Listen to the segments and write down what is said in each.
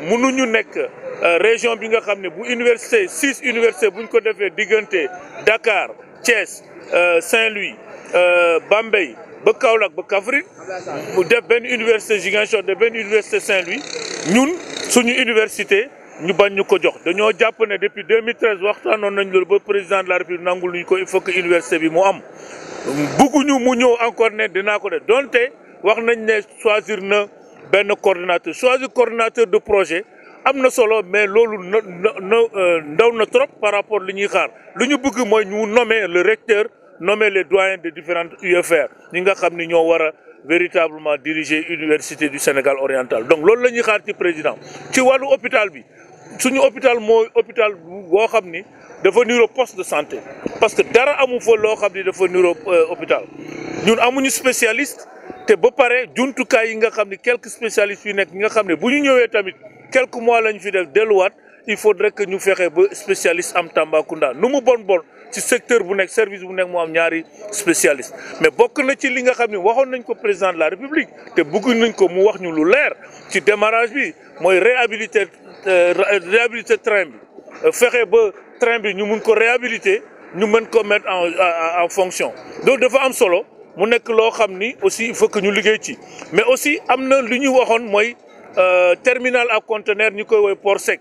mënuñu nekk euh, région bi nga xamné bu université six universités, buñ ko défé digënté Dakar Thiès euh, Saint-Louis euh, Bambey ba Kaolack ba Kaffrine mu def ben université Ziguinchor def ben université Saint-Louis ñun suñu université ñu bañ ñu ko jox dañoo japp né depuis 2013 waxtaanoon nañ loolu ba président de la république nangul ñu ko il faut que université bi mu am ñu mu ñëw encore né dina ko def donté wax nañ né choisir na ben coordinateur choisir coordinateur de projet amna solo mais loolu euh, ndaw na trop par rapport à xaar luñu bëgg ñu nommer le recteur nommer les doyens de différentes UFR ñi nga ñoo véritablement diriger l'Université du Sénégal oriental donc loolu lañuy que xaar ci président ci walu hôpital bi suñu hôpital moy hôpital bo xamni dafa poste de santé parce que dara amu fa lo xamni dafa Nous euh, hôpital ñun amuñu spécialiste té ba pare jumtukaay yi nga xam quelques spécialistes yu nek nga xam ne bu ñu tamit quelques mois lañ fi def wat il faudrait que ñu fexé ba spécialiste am Tambacounda nu mu bon bon ci secteur bu nek service bu nek mo am ñaari spécialiste mais bokk na ci li nga xam waxon nañ ko président de la république té bëggu nañ ko mu wax ñu lu leer ci démarrage bi moy réhabiliter euh, réhabiliter train bi fexé ba train bi ñu mun ko réhabiliter ñu mën ko mettre en en fonction donc dafa am solo mu nek lo xamni ni aussi il faut que ñu liggéey ci mais aussi amna lu ñu waxone moy euh, terminal à conteneur ñukoy koy woy port sec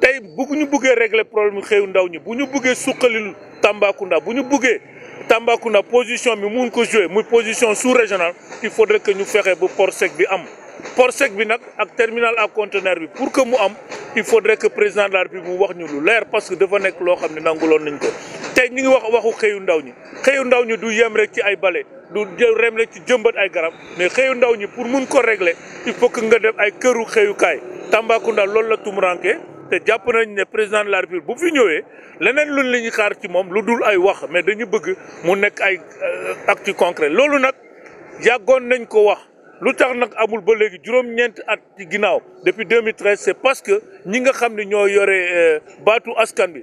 tay bu ñu bëggé régler problème xew ndaw ñi bu ñu buggee suqalil Tambacounda bu ñu buggee position mi mun ko jouer muy position sous régional il faudrait que ñu fexé bu port sec bi am. port sec bi nak ak terminal à conteneur bi pour que mu am il faudrait que président de la République mu wax ñu lu leer parce que dafa nek lo xamni nangulon nanguloon nañ ko. tey ñu ngi wax waxu xëyu ndaw ñi xëyu ndaw ñi du yem rek ci ay bale du rem rek ci jëmbat ay garab mais xëyu ndaw ñi pour mun ko régler il faut que nga def ay këru xëyukaay Tambacounda loolu la tumuranke te jàpp nañ ne président de la république bu fi ñëwee leneen luñ la ñuy xaar ci moom lu dul ay wax mais dañu bëgg mu nekk ay euh, acte concret loolu nag yàggoon nañ ko wax lu tax nag amul ba léegi juróom-ñeenti at ci ginnaaw depuis 2013 c'est parce que ñi nga xam ni ñoo yore euh, baatu askan bi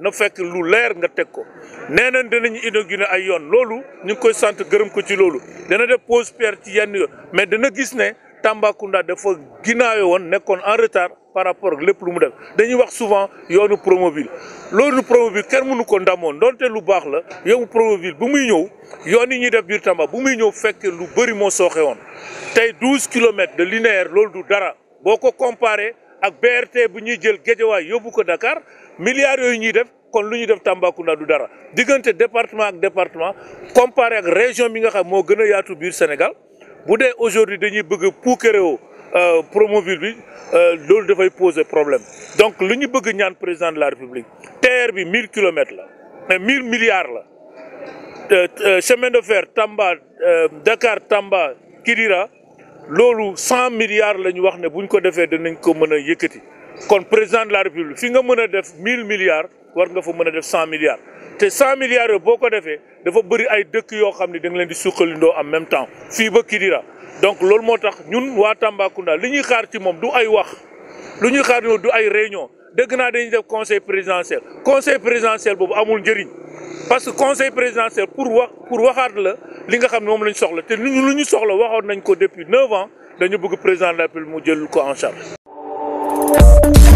na fait que leer nga teg ko nee nañ dinañu avons ay yoon loolu ñu ngi koy sant gërëm ko mais que gis ne Tambacounda de est en retard par rapport ak lépp lu mu def souvent yoonu Promoville loolu Promoville kenn nous ko ndamoon donte lu baax la yoonu de linéaire lolo du dara Boko comparer ak BRT bu ñuy jël milliards yoy ñuy def kon lu ñuy def Tambacounda du dara de département département comparé région bi nga xam yaatu Sénégal aujourd'hui dañuy bëgg euh bi euh, poser problème donc lu ñu bëgg président de la République bi 1000 kilomètres la 1000 milliards la euh, euh, chemin de fer Tamba Dakar Tamba Kirira. 100 100 milliards la de wax ne ko ko a kon président de la république fi nga def milliards war nga fa mëna def 100 milliards. té 100 milliards boko défé dafa bëri ay dëkk yo xamni dañ leen di sukkalindo en même temps fi ba donc loolu motax ñun xaar du ay wax du ay réunion dëgg na def conseil présidentiel conseil présidentiel bobu amul jëriñ parce que conseil présidentiel pour pour la li nga xam ne lañ soxla té lu ñu soxla waxon nañ ko depuis 9 ans dañu bëgg président de la République mu jël ko en charge.